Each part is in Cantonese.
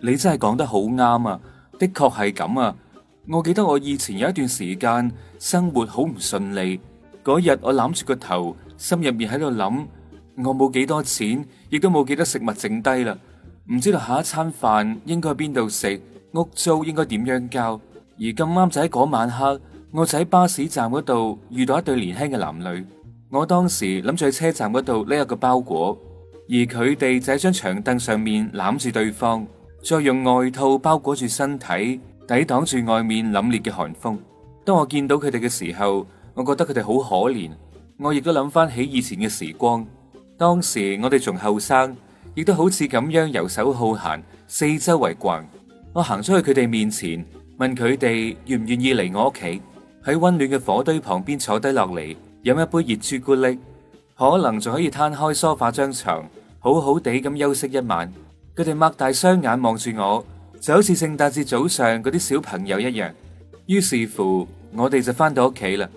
你真係講得好啱啊！的確係咁啊！我記得我以前有一段時間生活好唔順利，嗰日我攬住個頭，心入面喺度諗，我冇幾多錢，亦都冇幾多食物剩低啦。唔知道下一餐飯應該喺邊度食，屋租應該點樣交。而咁啱就喺嗰晚黑，我就喺巴士站嗰度遇到一對年輕嘅男女。我當時諗住喺車站嗰度拎一個包裹，而佢哋就喺張長凳上面攬住對方。再用外套包裹住身體，抵擋住外面凜冽嘅寒風。當我見到佢哋嘅時候，我覺得佢哋好可憐。我亦都諗翻起以前嘅時光，當時我哋仲後生，亦都好似咁樣游手好閒，四周圍逛。我行出去佢哋面前，問佢哋願唔願意嚟我屋企，喺溫暖嘅火堆旁邊坐低落嚟，飲一杯熱朱古力，可能仲可以攤開梳化張床，好好地咁休息一晚。佢哋擘大雙眼望住我，就好似聖誕節早上嗰啲小朋友一樣。於是乎，我哋就翻到屋企啦。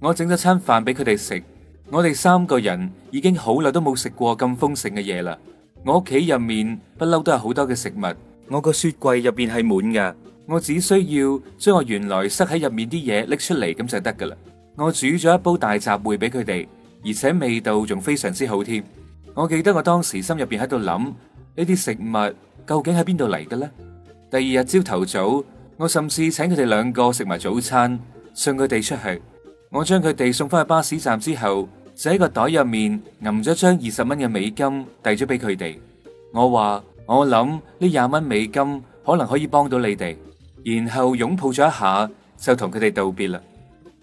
我整咗餐飯俾佢哋食，我哋三個人已經好耐都冇食過咁豐盛嘅嘢啦。我屋企入面不嬲都有好多嘅食物，我個雪櫃入邊係滿噶。我只需要將我原來塞喺入面啲嘢拎出嚟，咁就得噶啦。我煮咗一煲大雜燴俾佢哋，而且味道仲非常之好添。我記得我當時心入邊喺度諗。呢啲食物究竟喺邊度嚟嘅呢？第二日朝頭早，我甚至請佢哋兩個食埋早餐。送佢哋出去，我將佢哋送翻去巴士站之後，就喺個袋入面揞咗張二十蚊嘅美金，遞咗俾佢哋。我話，我諗呢廿蚊美金可能可以幫到你哋，然後擁抱咗一下，就同佢哋道別啦。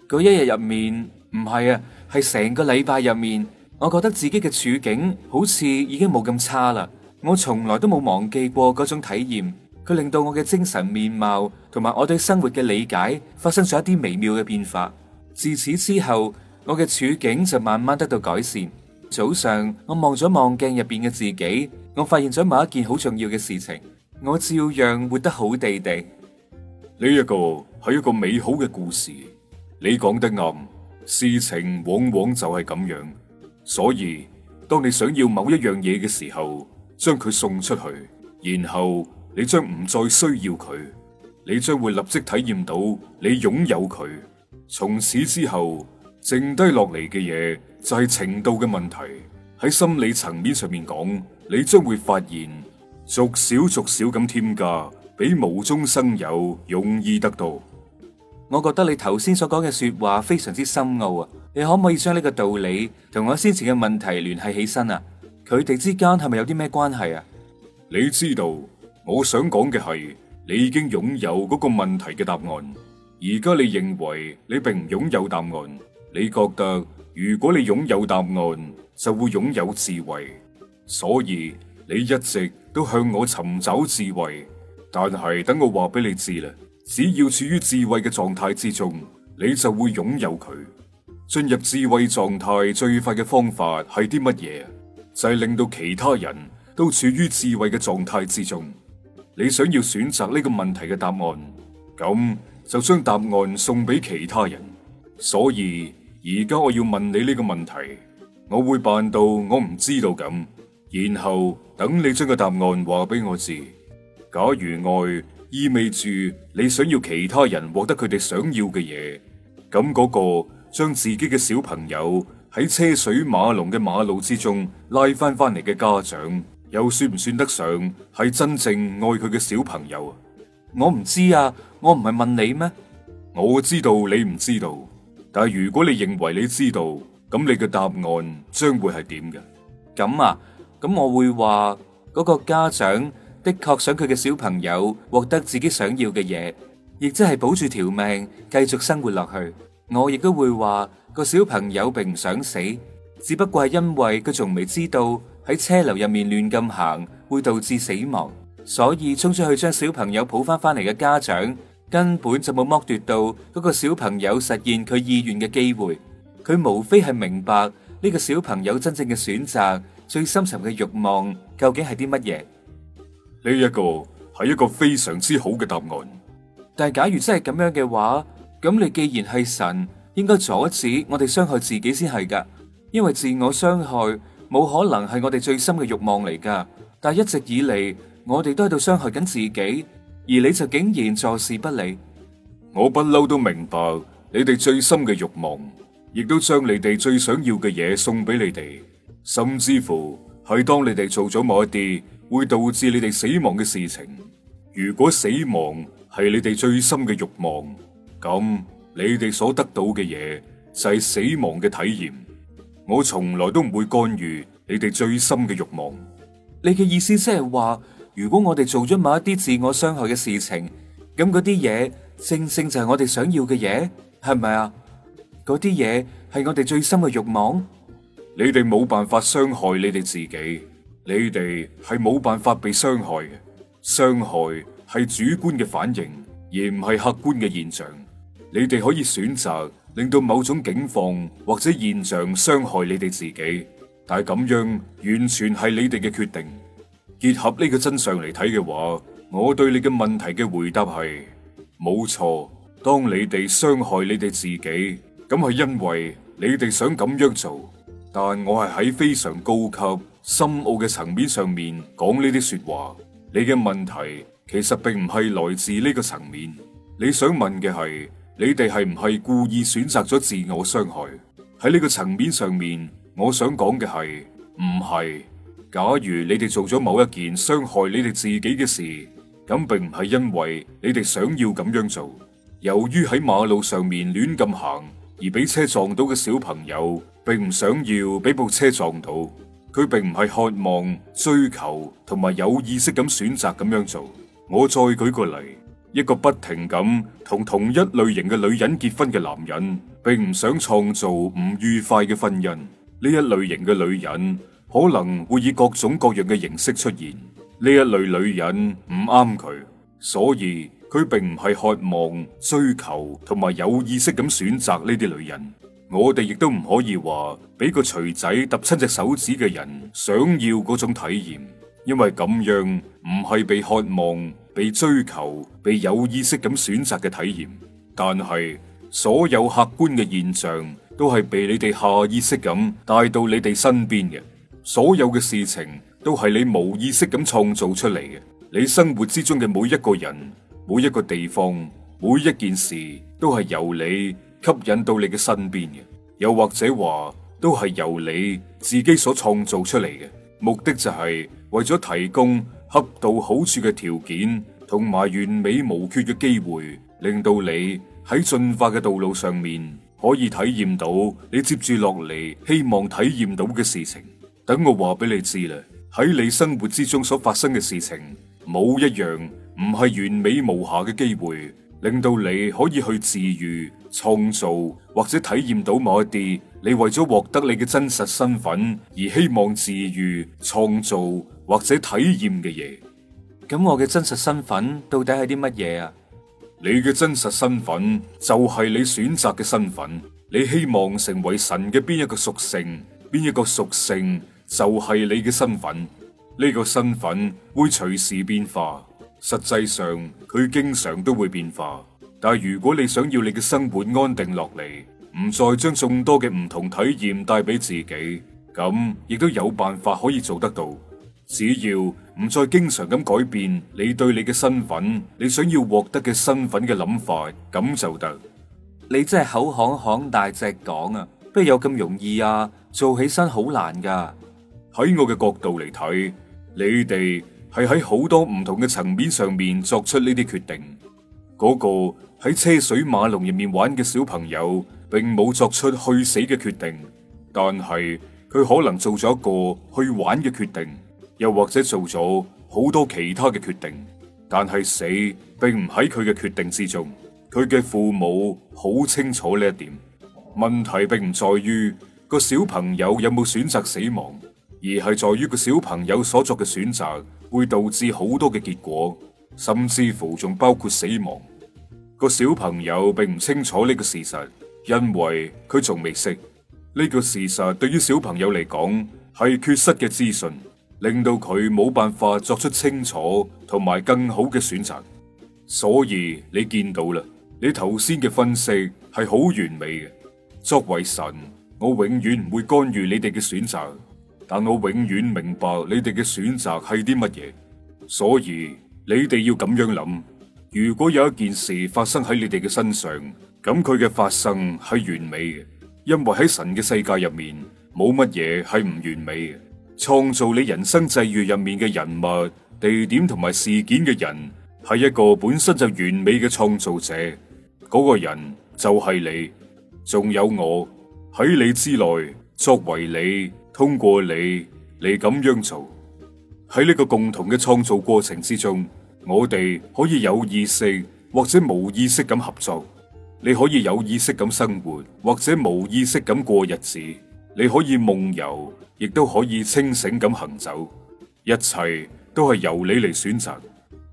嗰一日入面唔係啊，係成個禮拜入面，我覺得自己嘅處境好似已經冇咁差啦。我從來都冇忘記過嗰種體驗，佢令到我嘅精神面貌同埋我對生活嘅理解發生咗一啲微妙嘅變化。自此之後，我嘅處境就慢慢得到改善。早上我望咗望鏡入邊嘅自己，我發現咗某一件好重要嘅事情。我照樣活得好地地。呢一個係一個美好嘅故事。你講得啱，事情往往就係咁樣。所以當你想要某一樣嘢嘅時候，將佢送出去，然後你將唔再需要佢，你將會立即體驗到你擁有佢。從此之後，剩低落嚟嘅嘢就係程度嘅問題。喺心理層面上面講，你將會發現逐少逐少咁添加，比無中生有容易得到。我覺得你頭先所講嘅說話非常之深奧啊。你可唔可以將呢個道理同我先前嘅問題聯繫起身啊？佢哋之間係咪有啲咩關係啊？你知道我想講嘅係，你已經擁有嗰個問題嘅答案。而家你認為你並唔擁有答案，你覺得如果你擁有答案就會擁有智慧，所以你一直都向我尋找智慧。但係等我話俾你知啦，只要處於智慧嘅狀態之中，你就會擁有佢。進入智慧狀態最快嘅方法係啲乜嘢？就係令到其他人都處於智慧嘅狀態之中。你想要選擇呢個問題嘅答案，咁就將答案送俾其他人。所以而家我要問你呢個問題，我會扮到我唔知道咁，然後等你將個答案話俾我知。假如愛意味住你想要其他人獲得佢哋想要嘅嘢，咁嗰個將自己嘅小朋友。喺車水馬龍嘅馬路之中拉翻翻嚟嘅家長，又算唔算得上係真正愛佢嘅小朋友啊？我唔知啊，我唔係問你咩？我知道你唔知道，但係如果你認為你知道，咁你嘅答案將會係點嘅？咁啊？咁我會話嗰個家長的確想佢嘅小朋友獲得自己想要嘅嘢，亦即係保住條命繼續生活落去。我亦都會話。個小朋友並唔想死，只不過係因為佢仲未知道喺車流入面亂咁行會導致死亡，所以衝出去將小朋友抱翻翻嚟嘅家長根本就冇剝奪到嗰個小朋友實現佢意願嘅機會。佢無非係明白呢個小朋友真正嘅選擇，最深沉嘅慾望究竟係啲乜嘢。呢一個係一個非常之好嘅答案。但係假如真係咁樣嘅話，咁你既然係神，應該阻止我哋傷害自己先係噶因為自我傷害冇可能係我哋最深嘅欲望嚟噶但係一直以嚟，我哋都喺度傷害緊自己，而你就竟然坐視不理。我不嬲都明白你哋最深嘅欲望，亦都將你哋最想要嘅嘢送俾你哋，甚至乎係當你哋做咗某啲會導致你哋死亡嘅事情。如果死亡係你哋最深嘅欲望，咁。你哋所得到嘅嘢就係死亡嘅體驗。我從來都唔會干預你哋最深嘅欲望。你嘅意思即係話，如果我哋做咗某一啲自我傷害嘅事情，咁嗰啲嘢正正就係我哋想要嘅嘢，係咪啊？嗰啲嘢係我哋最深嘅欲望。你哋冇辦法傷害你哋自己，你哋係冇辦法被傷害嘅。傷害係主觀嘅反應，而唔係客觀嘅現象。你哋可以選擇令到某種境況或者現象傷害你哋自己，但係咁樣完全係你哋嘅決定。結合呢個真相嚟睇嘅話，我對你嘅問題嘅回答係冇錯。當你哋傷害你哋自己，咁係因為你哋想咁樣做。但我係喺非常高級、深奧嘅層面上面講呢啲說話。你嘅問題其實並唔係來自呢個層面，你想問嘅係。你哋係唔係故意選擇咗自我傷害？喺呢個層面上面，我想講嘅係，唔係。假如你哋做咗某一件傷害你哋自己嘅事，咁並唔係因為你哋想要咁樣做。由於喺馬路上面亂咁行而俾車撞到嘅小朋友，並唔想要俾部車撞到，佢並唔係渴望、追求同埋有意識咁選擇咁樣做。我再舉個例。一個不停咁同同一類型嘅女人結婚嘅男人，並唔想創造唔愉快嘅婚姻。呢一類型嘅女人可能會以各種各樣嘅形式出現。呢一類女人唔啱佢，所以佢並唔係渴望、追求同埋有意識咁選擇呢啲女人。我哋亦都唔可以話俾個錘仔揼親隻手指嘅人想要嗰種體驗，因為咁樣唔係被渴望。被追求、被有意識咁選擇嘅體驗，但係所有客觀嘅現象都係被你哋下意識咁帶到你哋身邊嘅。所有嘅事情都係你冇意識咁創造出嚟嘅。你生活之中嘅每一個人、每一個地方、每一件事，都係由你吸引到你嘅身邊嘅。又或者話，都係由你自己所創造出嚟嘅。目的就係為咗提供。恰到好處嘅條件，同埋完美無缺嘅機會，令到你喺進化嘅道路上面可以體驗到你接住落嚟希望體驗到嘅事情。等我話俾你知啦，喺你生活之中所發生嘅事情，冇一樣唔係完美無瑕嘅機會，令到你可以去治癒、創造或者體驗到某一啲你為咗獲得你嘅真實身份而希望治癒、創造。或者體驗嘅嘢，咁我嘅真實身份到底係啲乜嘢啊？你嘅真實身份就係你選擇嘅身份，你希望成為神嘅邊一個屬性，邊一個屬性就係你嘅身份。呢個身份會隨時變化，實際上佢經常都會變化。但係如果你想要你嘅生活安定落嚟，唔再將眾多嘅唔同體驗帶俾自己，咁亦都有辦法可以做得到。只要唔再經常咁改變你對你嘅身份，你想要獲得嘅身份嘅諗法，咁就得。你真係口響響大隻講啊，邊有咁容易啊？做起身好難㗎。喺我嘅角度嚟睇，你哋係喺好多唔同嘅層面上面作出呢啲決定。嗰個喺車水馬龍入面玩嘅小朋友，並冇作出去死嘅決定，但係佢可能做咗一個去玩嘅決定。又或者做咗好多其他嘅決定，但係死並唔喺佢嘅決定之中。佢嘅父母好清楚呢一點。問題並唔在於個小朋友有冇選擇死亡，而係在於個小朋友所作嘅選擇會導致好多嘅結果，甚至乎仲包括死亡。個小朋友並唔清楚呢個事實，因為佢仲未識呢個事實。對於小朋友嚟講，係缺失嘅資訊。令到佢冇辦法作出清楚同埋更好嘅選擇，所以你見到啦，你頭先嘅分析係好完美嘅。作為神，我永遠唔會干預你哋嘅選擇，但我永遠明白你哋嘅選擇係啲乜嘢。所以你哋要咁樣諗：如果有一件事發生喺你哋嘅身上，咁佢嘅發生係完美嘅，因為喺神嘅世界入面冇乜嘢係唔完美嘅。創造你人生際遇入面嘅人物、地點同埋事件嘅人，係一個本身就完美嘅創造者。嗰、那個人就係你，仲有我喺你之內，作為你，通過你，你咁樣做。喺呢個共同嘅創造過程之中，我哋可以有意識或者冇意識咁合作。你可以有意識咁生活，或者冇意識咁過日子。你可以夢遊，亦都可以清醒咁行走，一切都係由你嚟選擇。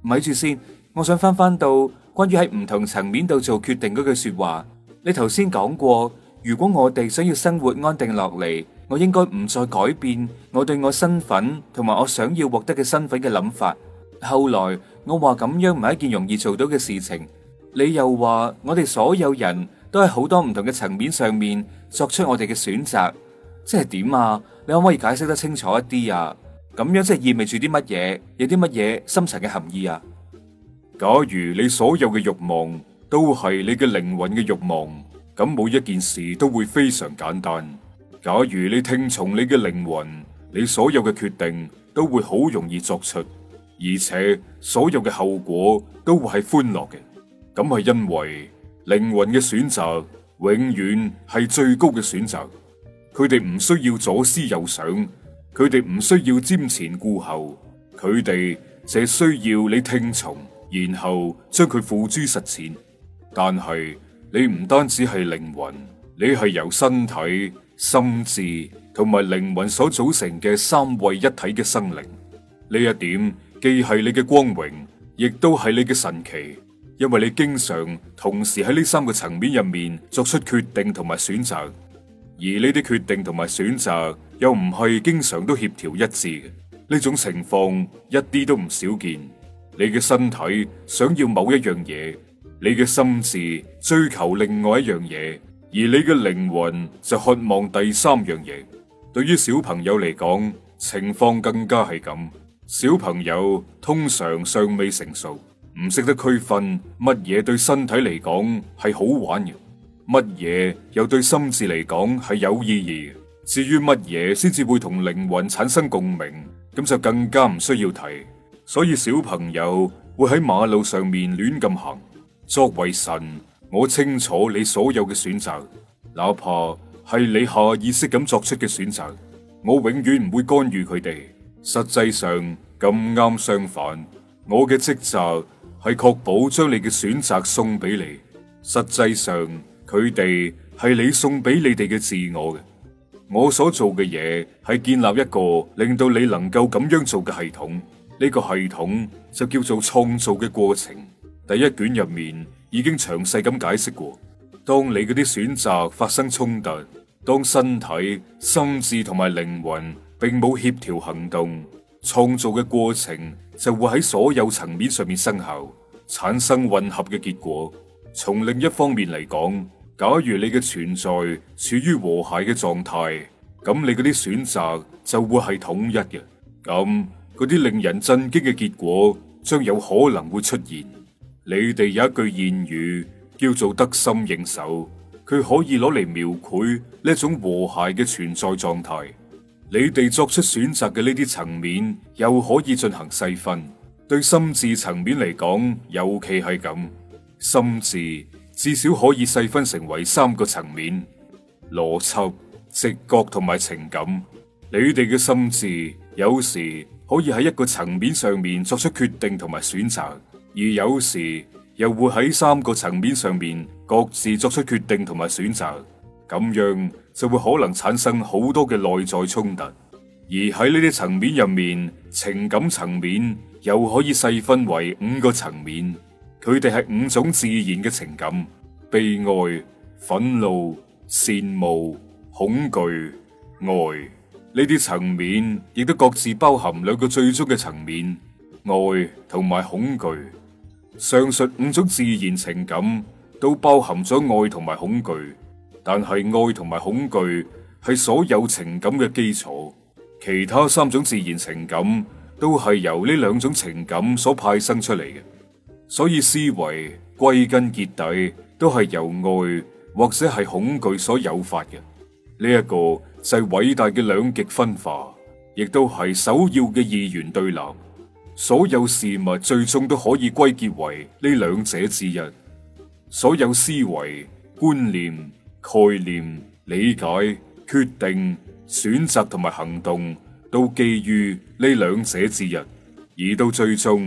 咪住先，我想翻翻到關於喺唔同層面度做決定嗰句說話。你頭先講過，如果我哋想要生活安定落嚟，我應該唔再改變我對我身份同埋我想要獲得嘅身份嘅諗法。後來我話咁樣唔係一件容易做到嘅事情。你又話我哋所有人都喺好多唔同嘅層面上面作出我哋嘅選擇。即係點啊？你可唔可以解釋得清楚一啲啊？咁樣即係意味住啲乜嘢？有啲乜嘢深層嘅含義啊？假如你所有嘅欲望都係你嘅靈魂嘅欲望，咁每一件事都會非常簡單。假如你聽從你嘅靈魂，你所有嘅決定都會好容易作出，而且所有嘅後果都會係歡樂嘅。咁係因為靈魂嘅選擇永遠係最高嘅選擇。佢哋唔需要左思右想，佢哋唔需要瞻前顧後，佢哋只需要你聽從，然後將佢付諸實踐。但係你唔單止係靈魂，你係由身體、心智同埋靈魂所組成嘅三位一體嘅生靈。呢一點既係你嘅光榮，亦都係你嘅神奇，因為你經常同時喺呢三個層面入面作出決定同埋選擇。而呢啲決定同埋選擇又唔係經常都協調一致嘅，呢種情況一啲都唔少見。你嘅身體想要某一樣嘢，你嘅心智追求另外一樣嘢，而你嘅靈魂就渴望第三樣嘢。對於小朋友嚟講，情況更加係咁。小朋友通常尚未成熟，唔識得區分乜嘢對身體嚟講係好玩嘅。乜嘢又對心智嚟講係有意義？至於乜嘢先至會同靈魂產生共鳴，咁就更加唔需要提。所以小朋友會喺馬路上面亂咁行。作為神，我清楚你所有嘅選擇，哪怕係你下意識咁作出嘅選擇，我永遠唔會干預佢哋。實際上，咁啱相反，我嘅職責係確保將你嘅選擇送俾你。實際上。佢哋係你送俾你哋嘅自我嘅。我所做嘅嘢係建立一個令到你能夠咁樣做嘅系統，呢個系統就叫做創造嘅過程。第一卷入面已經詳細咁解釋過，當你嗰啲選擇發生衝突，當身體、心智同埋靈魂並冇協調行動，創造嘅過程就會喺所有層面上面生效，產生混合嘅結果。從另一方面嚟講，假如你嘅存在處於和諧嘅狀態，咁你嗰啲選擇就會係統一嘅，咁嗰啲令人震驚嘅結果將有可能會出現。你哋有一句諺語叫做得心應手，佢可以攞嚟描繪呢種和諧嘅存在狀態。你哋作出選擇嘅呢啲層面又可以進行細分，對心智層面嚟講，尤其係咁心智。至少可以細分成為三個層面：邏輯、直覺同埋情感。你哋嘅心智有時可以喺一個層面上面作出決定同埋選擇，而有時又會喺三個層面上面各自作出決定同埋選擇。咁樣就會可能產生好多嘅內在衝突。而喺呢啲層面入面，情感層面又可以細分為五個層面。佢哋係五種自然嘅情感：悲哀、憤怒、羨慕、恐懼、愛。呢啲層面，亦都各自包含兩個最終嘅層面：愛同埋恐懼。上述五種自然情感都包含咗愛同埋恐懼，但係愛同埋恐懼係所有情感嘅基礎，其他三種自然情感都係由呢兩種情感所派生出嚟嘅。所以思維歸根結底都係由愛或者係恐懼所誘發嘅。呢一個就係偉大嘅兩極分化，亦都係首要嘅二元對立。所有事物最終都可以歸結為呢兩者之一。所有思維、觀念、概念、理解、決定、選擇同埋行動，都基於呢兩者之一，而到最終，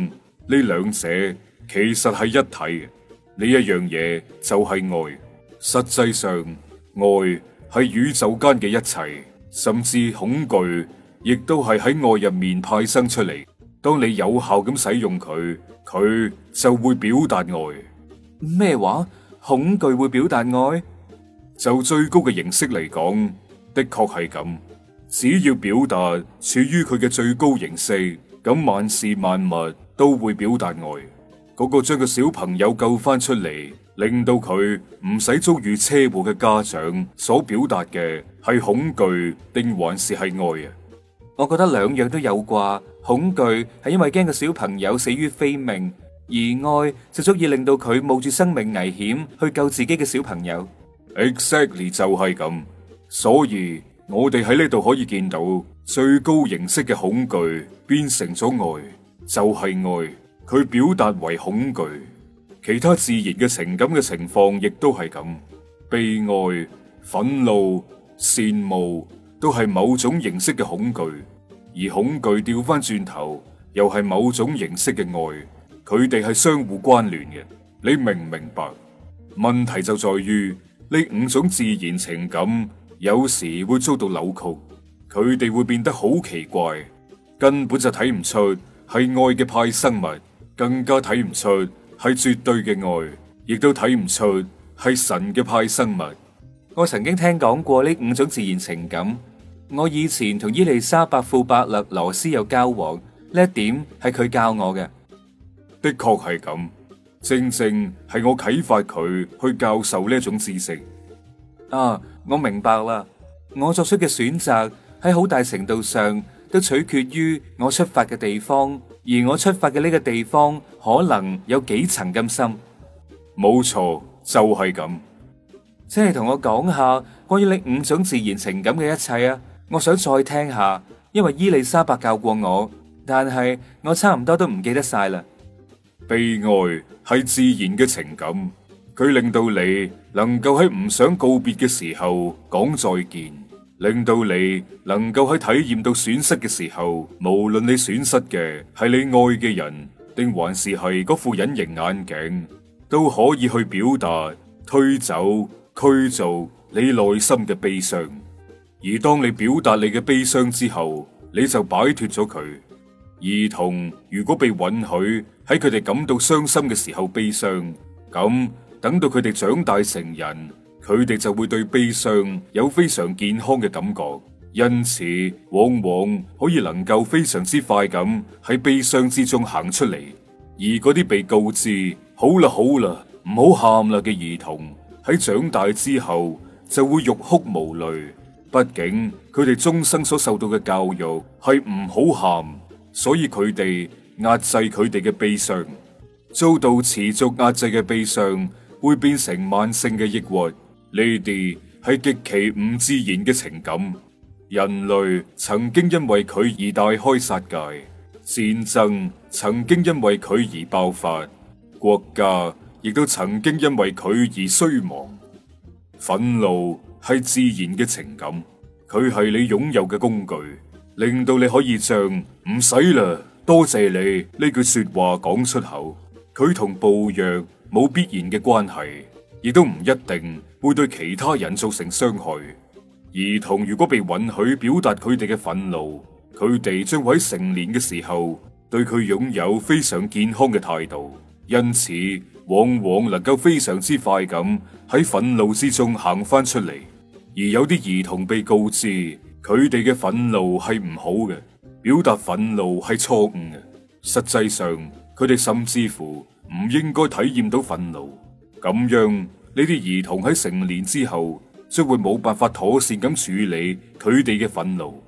呢兩者。其實係一體，呢一樣嘢就係愛。實際上，愛係宇宙間嘅一切，甚至恐懼亦都係喺愛入面派生出嚟。當你有效咁使用佢，佢就會表達愛。咩話？恐懼會表達愛？就最高嘅形式嚟講，的確係咁。只要表達處於佢嘅最高形式，咁萬事萬物都會表達愛。個個將個小朋友救翻出嚟，令到佢唔使遭遇車禍嘅家長所表達嘅係恐懼，定還是係愛啊？我覺得兩樣都有啩。恐懼係因為驚個小朋友死於非命，而愛就足以令到佢冒住生命危險去救自己嘅小朋友。Exactly 就係咁，所以我哋喺呢度可以見到最高形式嘅恐懼變成咗愛，就係愛。佢表達為恐懼，其他自然嘅情感，嘅情況亦都係咁，悲哀、憤怒、羨慕都係某種形式嘅恐懼，而恐懼掉翻轉頭又係某種形式嘅愛，佢哋係相互關聯嘅。你明唔明白？問題就在於呢五種自然情感有時會遭到扭曲，佢哋會變得好奇怪，根本就睇唔出係愛嘅派生物。更加睇唔出係絕對嘅愛，亦都睇唔出係神嘅派生物。我曾經聽講過呢五種自然情感。我以前同伊麗莎白庫伯勒羅斯有交往，呢一點係佢教我嘅。的確係咁，正正係我啟發佢去教授呢一種知識。啊，我明白啦。我作出嘅選擇喺好大程度上都取決於我出發嘅地方。而我出發嘅呢個地方可能有幾層咁深，冇錯就係咁。請你同我講下關於你五種自然情感嘅一切啊！我想再聽下，因為伊麗莎白教過我，但係我差唔多都唔記得晒啦。悲哀係自然嘅情感，佢令到你能夠喺唔想告別嘅時候講再見。令到你能夠喺體驗到損失嘅時候，無論你損失嘅係你愛嘅人，定還是係嗰副隱形眼鏡，都可以去表達、推走、驅走你內心嘅悲傷。而當你表達你嘅悲傷之後，你就擺脫咗佢。兒童如果被允許喺佢哋感到傷心嘅時候悲傷，咁等到佢哋長大成人，佢哋就會對悲傷有非常健康嘅感覺，因此往往可以能夠非常之快咁喺悲傷之中行出嚟。而嗰啲被告知好啦好啦，唔好喊啦嘅兒童喺長大之後就會欲哭無淚。畢竟佢哋終生所受到嘅教育係唔好喊，所以佢哋壓制佢哋嘅悲傷，遭到持續壓制嘅悲傷會變成慢性嘅抑鬱。呢啲係極其唔自然嘅情感。人類曾經因為佢而大開殺戒，戰爭曾經因為佢而爆發，國家亦都曾經因為佢而衰亡。憤怒係自然嘅情感，佢係你擁有嘅工具，令到你可以將唔使啦，多謝你呢句說話講出口。佢同暴虐冇必然嘅關係，亦都唔一定會對其他人造成傷害。兒童如果被允許表達佢哋嘅憤怒，佢哋將會喺成年嘅時候對佢擁有非常健康嘅態度，因此往往能夠非常之快咁喺憤怒之中行翻出嚟。而有啲兒童被告知佢哋嘅憤怒係唔好嘅，表達憤怒係錯誤嘅，實際上佢哋甚至乎唔應該體驗到憤怒，咁樣。呢啲兒童喺成年之後，將會冇辦法妥善咁處理佢哋嘅憤怒，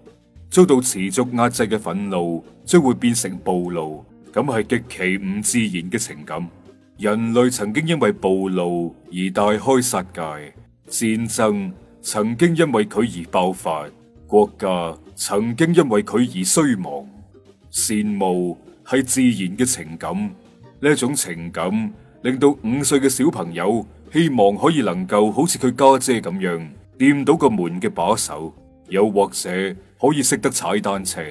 遭到持續壓制嘅憤怒將會變成暴露，咁係極其唔自然嘅情感。人類曾經因為暴露而大開殺戒，戰爭曾經因為佢而爆發，國家曾經因為佢而衰亡。羨慕係自然嘅情感，呢種情感令到五歲嘅小朋友。希望可以能夠好似佢家姐咁樣掂到個門嘅把手，又或者可以識得踩單車。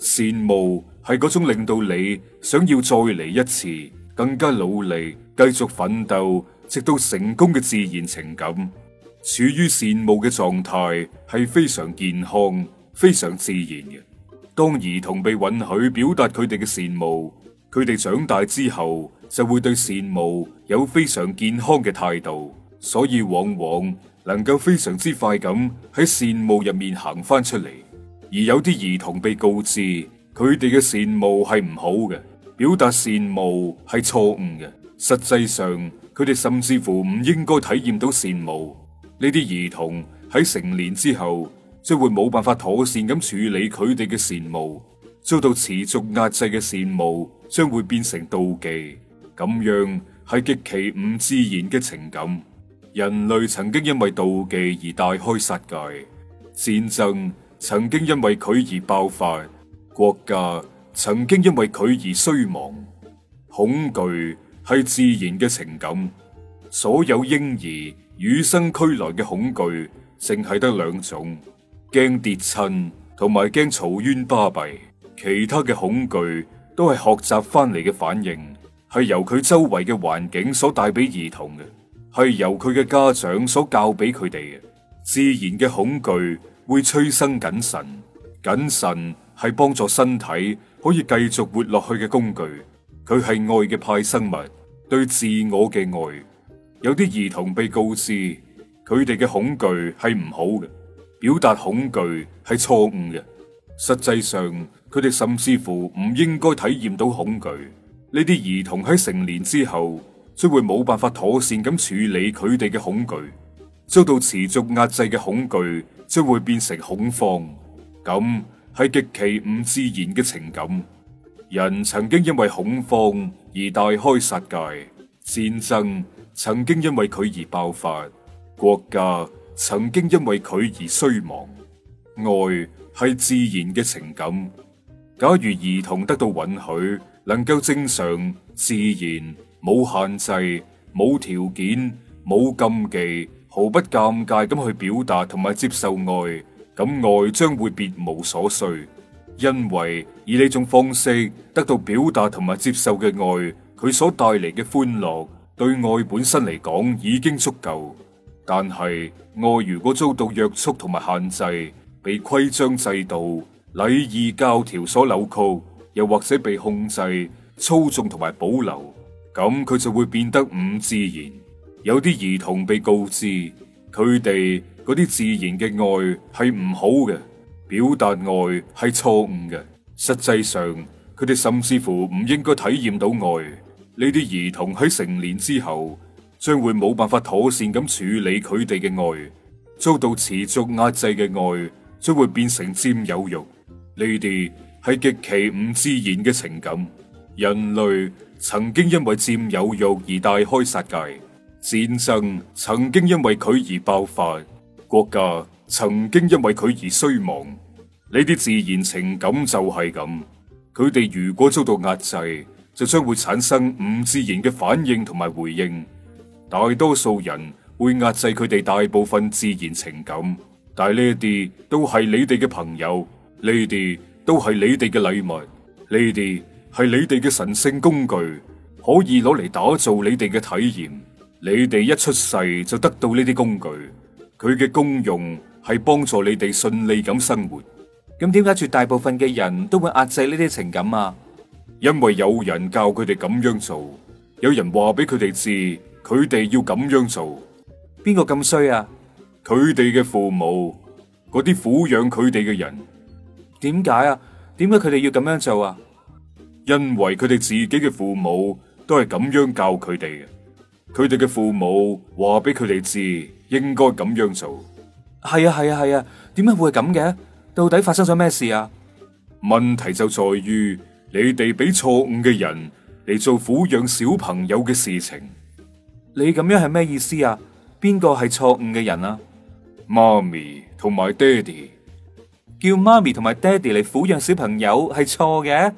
羨慕係嗰種令到你想要再嚟一次，更加努力，繼續奮鬥，直到成功嘅自然情感。處於羨慕嘅狀態係非常健康、非常自然嘅。當兒童被允許表達佢哋嘅羨慕。佢哋長大之後就會對羨慕有非常健康嘅態度，所以往往能夠非常之快咁喺羨慕入面行翻出嚟。而有啲兒童被告知佢哋嘅羨慕係唔好嘅，表達羨慕係錯誤嘅。實際上，佢哋甚至乎唔應該體驗到羨慕。呢啲兒童喺成年之後，將會冇辦法妥善咁處理佢哋嘅羨慕，遭到持續壓制嘅羨慕，將會變成妒忌，咁樣係極其唔自然嘅情感。人類曾經因為妒忌而大開殺戒，戰爭曾經因為佢而爆發，國家曾經因為佢而衰亡。恐懼係自然嘅情感，所有嬰兒與生俱來嘅恐懼，淨係得兩種：驚跌親同埋驚嘈冤巴閉。其他嘅恐懼。都係學習翻嚟嘅反應，係由佢周圍嘅環境所帶俾兒童嘅，係由佢嘅家長所教俾佢哋嘅。自然嘅恐懼會催生謹慎，謹慎係幫助身體可以繼續活落去嘅工具。佢係愛嘅派生物，對自我嘅愛。有啲兒童被告知，佢哋嘅恐懼係唔好嘅，表達恐懼係錯誤嘅。實際上。佢哋甚至乎唔應該體驗到恐懼，呢啲兒童喺成年之後，將會冇辦法妥善咁處理佢哋嘅恐懼，遭到持續壓制嘅恐懼將會變成恐慌，咁係極其唔自然嘅情感。人曾經因為恐慌而大開殺戒，戰爭曾經因為佢而爆發，國家曾經因為佢而衰亡。愛係自然嘅情感。假如兒童得到允許，能夠正常、自然、冇限制、冇條件、冇禁忌、毫不尷尬咁去表達同埋接受愛，咁愛將會別無所需。因為以呢種方式得到表達同埋接受嘅愛，佢所帶嚟嘅歡樂，對愛本身嚟講已經足夠。但係愛如果遭到約束同埋限制，被規章制度。禮儀教條所扭曲，又或者被控制、操縱同埋保留，咁佢就會變得唔自然。有啲兒童被告知，佢哋嗰啲自然嘅愛係唔好嘅，表達愛係錯誤嘅。實際上，佢哋甚至乎唔應該體驗到愛。呢啲兒童喺成年之後，將會冇辦法妥善咁處理佢哋嘅愛，遭到持續壓制嘅愛將會變成佔有欲。呢啲係極其唔自然嘅情感。人類曾經因為佔有慾而大開殺戒，戰爭曾經因為佢而爆發，國家曾經因為佢而衰亡。呢啲自然情感就係咁，佢哋如果遭到壓制，就將會產生唔自然嘅反應同埋回應。大多數人會壓制佢哋大部分自然情感，但係呢一啲都係你哋嘅朋友。你哋都係你哋嘅禮物，你哋係你哋嘅神聖工具，可以攞嚟打造你哋嘅體驗。你哋一出世就得到呢啲工具，佢嘅功用係幫助你哋順利咁生活。咁點解絕大部分嘅人都會壓制呢啲情感啊？因為有人教佢哋咁樣做，有人話俾佢哋知，佢哋要咁樣做。邊個咁衰啊？佢哋嘅父母，嗰啲撫養佢哋嘅人。點解啊？點解佢哋要咁樣做啊？因為佢哋自己嘅父母都係咁樣教佢哋嘅。佢哋嘅父母話俾佢哋知應該咁樣做。係啊，係啊，係啊！點解會係咁嘅？到底發生咗咩事啊？問題就在於你哋俾錯誤嘅人嚟做撫養小朋友嘅事情。你咁樣係咩意思啊？邊個係錯誤嘅人啊？媽咪同埋爹哋。叫媽咪同埋爹哋嚟撫養小朋友係錯嘅。